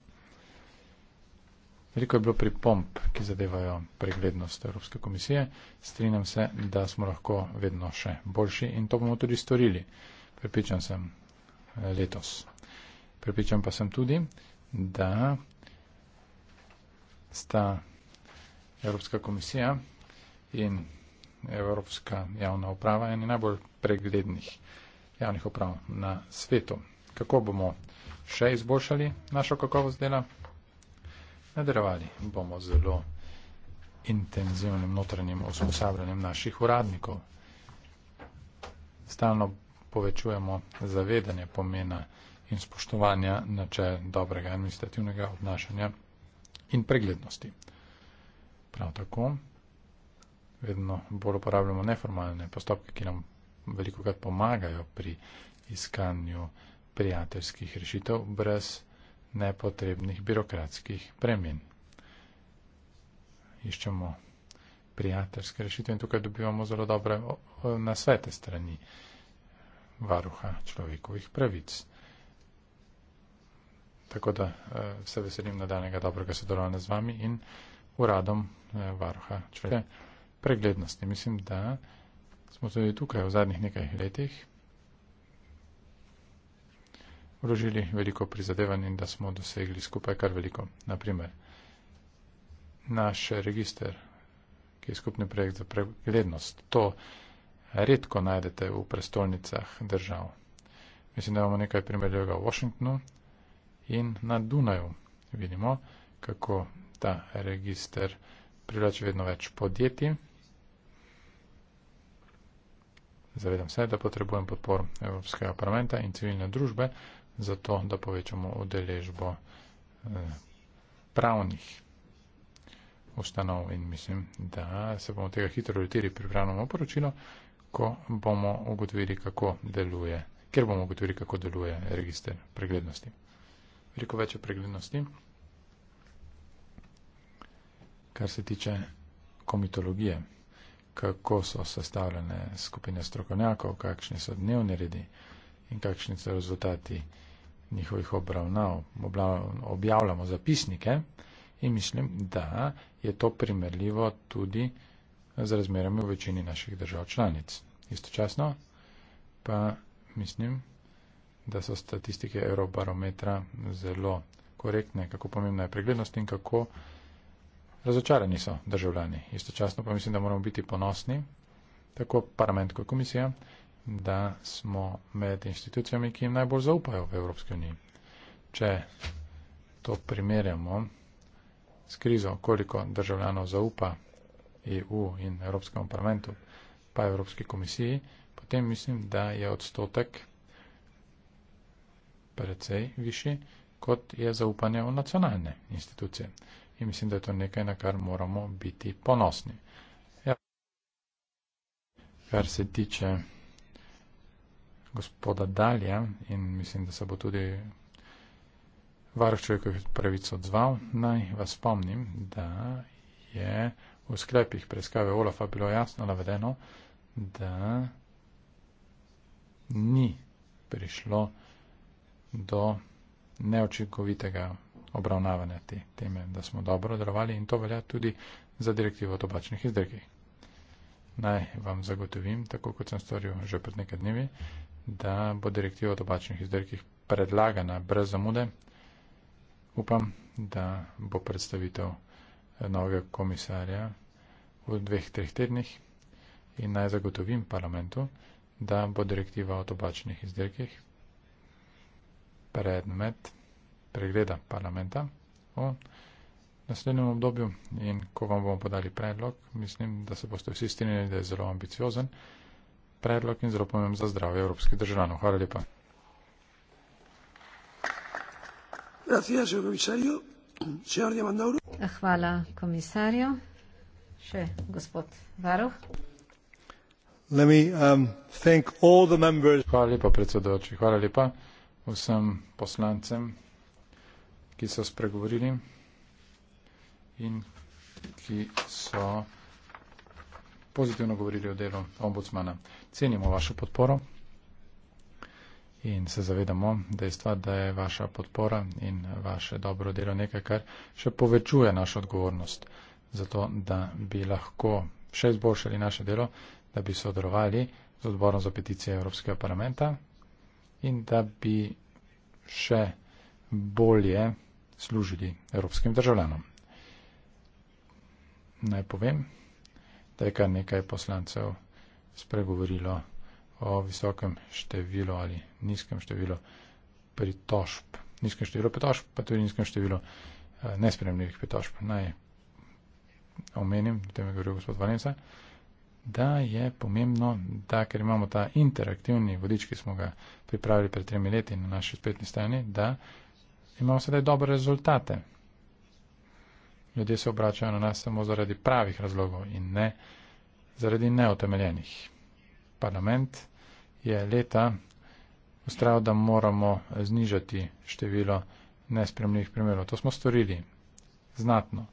Veliko je bilo pripomp, ki zadevajo preglednost Evropske komisije. Strinjam se, da smo lahko vedno še boljši in to bomo tudi storili. Pripričan sem eh, letos. Pripričan pa sem tudi, da sta Evropska komisija in Evropska javna uprava je ena najbolj preglednih javnih uprav na svetu. Kako bomo še izboljšali našo kakovost dela? Nadaljevali bomo zelo intenzivnim notranjim usposabljanjem naših uradnikov. Stalno povečujemo zavedanje pomena in spoštovanja načel dobrega administrativnega obnašanja in preglednosti. Prav tako, vedno bolj uporabljamo neformalne postopke, ki nam veliko krat pomagajo pri iskanju prijateljskih rešitev brez nepotrebnih birokratskih premin. Iščemo prijateljske rešitve in tukaj dobivamo zelo dobre nasvete strani varuha človekovih pravic. Tako da eh, se veselim nadaljnega dobrega sodelovanja z vami in uradom eh, varuha človeka. Preglednosti. Mislim, da smo tudi tukaj v zadnjih nekaj letih vložili veliko prizadevanj in da smo dosegli skupaj kar veliko. Naprimer, naš register, ki je skupni projekt za preglednost, to redko najdete v prestolnicah držav. Mislim, da imamo nekaj primerljivega v Washingtonu in na Dunaju. Vidimo, kako ta register privlači vedno več podjetij. Zavedam se, da potrebujem podpor Evropskega parlamenta in civilne družbe za to, da povečamo udeležbo eh, pravnih ustanov in mislim, da se bomo tega hitro letili pri pravnemu poročilu, ko bomo ugotovili, kako deluje, ker bomo ugotovili, kako deluje register preglednosti. Veliko več preglednosti kar se tiče komitologije, kako so sestavljene skupine strokovnjakov, kakšni so dnevni redi in kakšni so rezultati njihovih obravnav. Objavljamo zapisnike in mislim, da je to primerljivo tudi z razmerami v večini naših držav članic. Istočasno pa mislim, da so statistike Eurobarometra zelo korektne, kako pomembna je preglednost in kako Razočarani so državljani, istočasno pa mislim, da moramo biti ponosni, tako parlament kot komisija, da smo med institucijami, ki jim najbolj zaupajo v Evropski uniji. Če to primerjamo s krizo, koliko državljanov zaupa EU in Evropskemu parlamentu, pa Evropski komisiji, potem mislim, da je odstotek precej višji, kot je zaupanje v nacionalne institucije in mislim, da je to nekaj, na kar moramo biti ponosni. Ja. Kar se tiče gospoda Dalja in mislim, da se bo tudi varuh človekovih pravic odzval, naj vas spomnim, da je v sklepih preiskave Olafa bilo jasno navedeno, da ni prišlo do neočinkovitega obravnavanja te teme, da smo dobro delovali in to velja tudi za direktivo o tobačnih izdelkih. Naj vam zagotovim, tako kot sem storil že pred nekaj dnevi, da bo direktiva o tobačnih izdelkih predlagana brez zamude. Upam, da bo predstavitev eh, novega komisarja v dveh, treh tednih in naj zagotovim parlamentu, da bo direktiva o tobačnih izdelkih predmet pregleda parlamenta v naslednjem obdobju in ko vam bomo podali predlog, mislim, da se boste vsi strinjali, da je zelo ambiciozen predlog in zelo pomemben za zdravje evropskih državljanov. Hvala lepa. Hvala komisarju. Še gospod Varuh. Let me, um, thank all the members. Hvala lepa predsedujoči. Hvala lepa vsem poslancem ki so spregovorili in ki so pozitivno govorili o delu ombudsmana. Cenimo vašo podporo in se zavedamo dejstva, da je vaša podpora in vaše dobro delo nekaj, kar še povečuje našo odgovornost za to, da bi lahko še izboljšali naše delo, da bi sodelovali z odborom za peticije Evropskega parlamenta in da bi še bolje služili evropskim državljanom. Naj povem, da je kar nekaj poslancev spregovorilo o visokem številu ali nizkem številu pritožb. Nizkem številu pritožb, pa tudi nizkem številu eh, nespremljivih pritožb. Naj omenim, o tem je govoril gospod Valenca, da je pomembno, da ker imamo ta interaktivni vodič, ki smo ga pripravili pred tremi leti na naši spletni strani, da imamo sedaj dobre rezultate. Ljudje se obračajo na nas samo zaradi pravih razlogov in ne zaradi neotemeljenih. Parlament je leta ustrajal, da moramo znižati število nespremljivih primerov. To smo storili znatno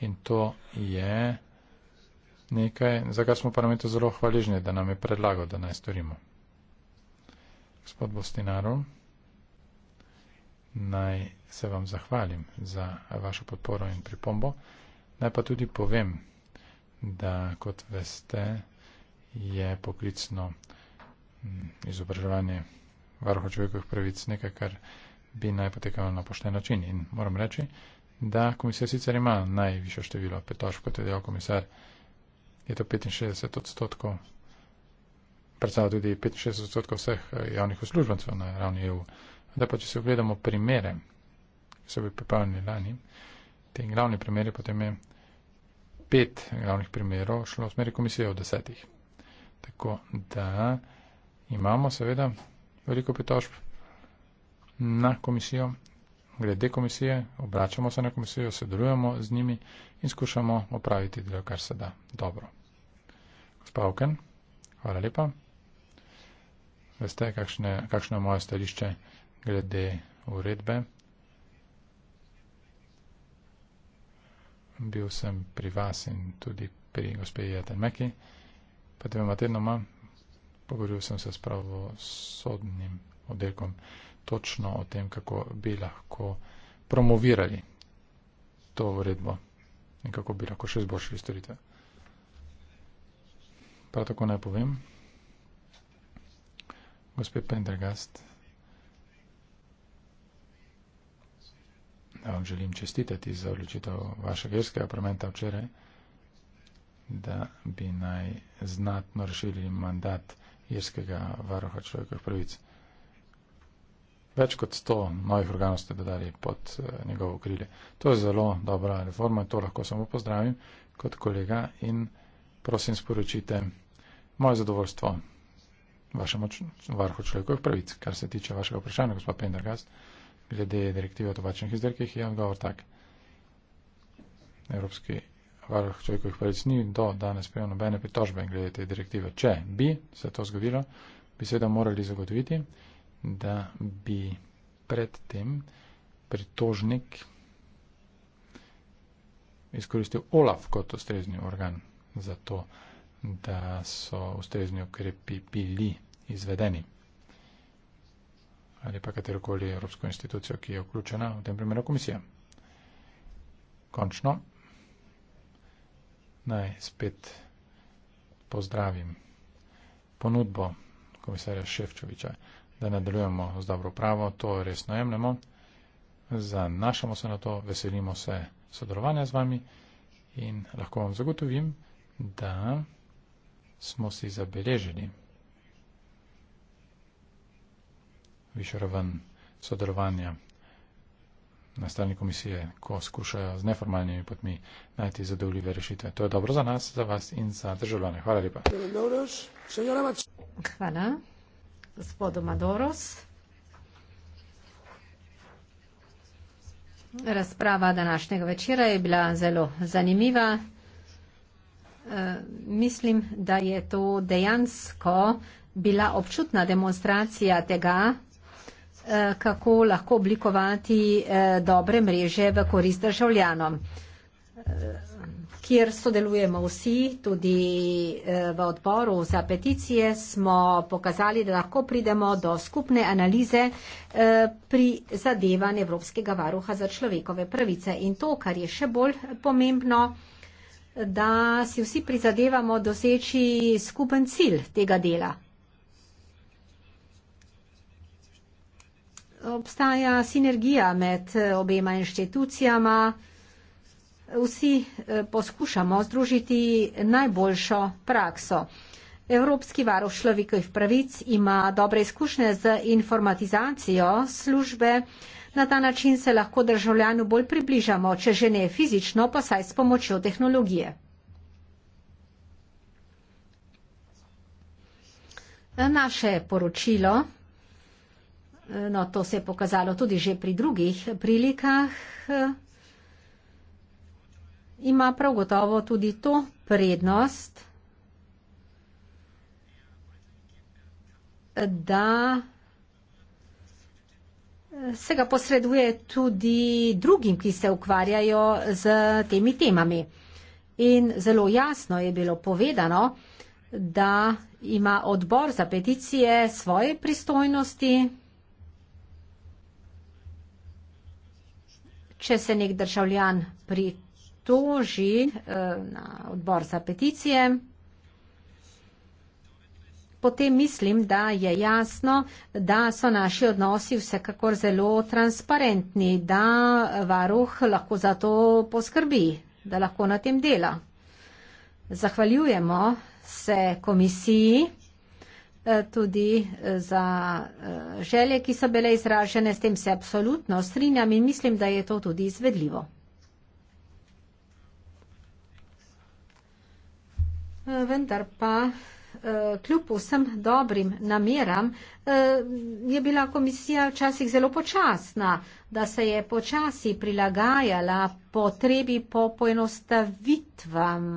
in to je nekaj, za kar smo parlamentu zelo hvaležni, da nam je predlagal, da naj storimo. Gospod Bostinarov naj se vam zahvalim za vašo podporo in pripombo. Naj pa tudi povem, da kot veste, je poklicno mm, izobraževanje varuha človekovih pravic nekaj, kar bi naj potekalo na pošten način. In moram reči, da komisija sicer ima najvišjo število petošk, kot je dejal komisar, je to 65 odstotkov, predstavlja tudi 65 odstotkov vseh eh, javnih uslužbencev na ravni EU. Da pa če se ogledamo primere, ki so bili pripravljeni lani, te glavne primere, potem je pet glavnih primerov šlo v smeri komisije od desetih. Tako da imamo seveda veliko pritožb na komisijo, glede komisije, obračamo se na komisijo, sodelujemo z njimi in skušamo opraviti delo, kar se da dobro. Gospod Oken, hvala lepa. Veste, kakšno je moje stališče? glede uredbe. Bil sem pri vas in tudi pri gospodi Jatenmeki, pa dvema tednoma pogovoril sem se s pravosodnim oddelkom točno o tem, kako bi lahko promovirali to uredbo in kako bi lahko še izboljšali storitve. Prav tako naj povem, gospod Pendergast, Ja vam želim čestitati za odločitev vašega irskega parlamenta včeraj, da bi naj znatno rešili mandat irskega varuha človekovih pravic. Več kot sto novih organov ste dodali pod eh, njegovo krilje. To je zelo dobra reforma in to lahko samo pozdravim kot kolega in prosim sporočite moje zadovoljstvo vašemu varuhu človekovih pravic, kar se tiče vašega vprašanja, gospod Pendergast glede direktive o tobačnih izdelkih je odgovor tak. Evropski varuh človekovih pravic ni do danes prejel nobene pritožbe glede te direktive. Če bi se to zgodilo, bi seveda morali zagotoviti, da bi predtem pritožnik izkoristil OLAF kot ustrezni organ za to, da so ustrezni ukrepi bili izvedeni ali pa katerokoli evropsko institucijo, ki je vključena v tem primeru komisija. Končno naj spet pozdravim ponudbo komisarja Ševčoviča, da nadaljujemo z dobro pravo, to resno jemljemo, zanašamo se na to, veselimo se sodelovanja z vami in lahko vam zagotovim, da smo si zabeležili višjo raven sodelovanja na stalni komisije, ko skušajo z neformalnimi potmi najti zadovoljive rešitve. To je dobro za nas, za vas in za državljane. Hvala lepa. Hvala, gospodu Madoros. Razprava današnjega večera je bila zelo zanimiva. E, mislim, da je to dejansko bila občutna demonstracija tega, Eh, kako lahko oblikovati eh, dobre mreže v korist državljanom, eh, kjer sodelujemo vsi, tudi v odboru za peticije smo pokazali, da lahko pridemo do skupne analize pri zadevanju Evropskega varuha za človekove pravice. In to, kar je še bolj pomembno, da si vsi prizadevamo doseči skupen cilj tega dela. obstaja sinergija med eh, obema inštitucijama. Vsi eh, poskušamo združiti najboljšo prakso. Evropski varuh človekovih pravic ima dobre izkušnje z informatizacijo službe. Na ta način se lahko državljanu bolj približamo, če že ne fizično, pa saj s pomočjo tehnologije. Naše poročilo No, to se je pokazalo tudi že pri drugih prilikah. Ima prav gotovo tudi to prednost, da se ga posreduje tudi drugim, ki se ukvarjajo z temi temami. In zelo jasno je bilo povedano, da ima odbor za peticije svoje pristojnosti, če se nek državljan pritoži eh, na odbor za peticije, potem mislim, da je jasno, da so naši odnosi vsekakor zelo transparentni, da varuh lahko za to poskrbi, da lahko na tem dela. Zahvaljujemo se komisiji. Eh, tudi eh, za eh, želje, ki so bile izražene. S tem se absolutno strinjam in mislim, da je to tudi izvedljivo. Vendar pa kljub vsem dobrim nameram je bila komisija včasih zelo počasna, da se je počasi prilagajala potrebi po poenostavitvam,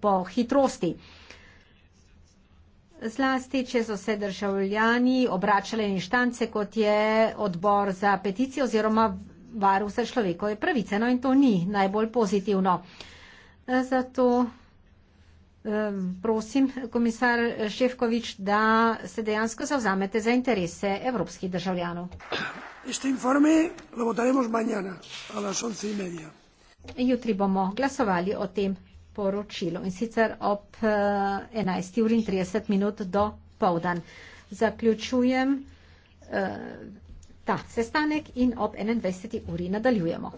po hitrosti zlasti, če so se državljani obračali inštance, kot je odbor za peticijo oziroma varu vse človekove pravice. No in to ni najbolj pozitivno. Zato prosim, komisar Ševkovič, da se dejansko zavzamete za interese evropskih državljanov. Jutri bomo glasovali o tem poročilu in sicer ob 11. Eh, uri in 30 minut do povdan. Zaključujem eh, ta sestanek in ob 21. uri nadaljujemo.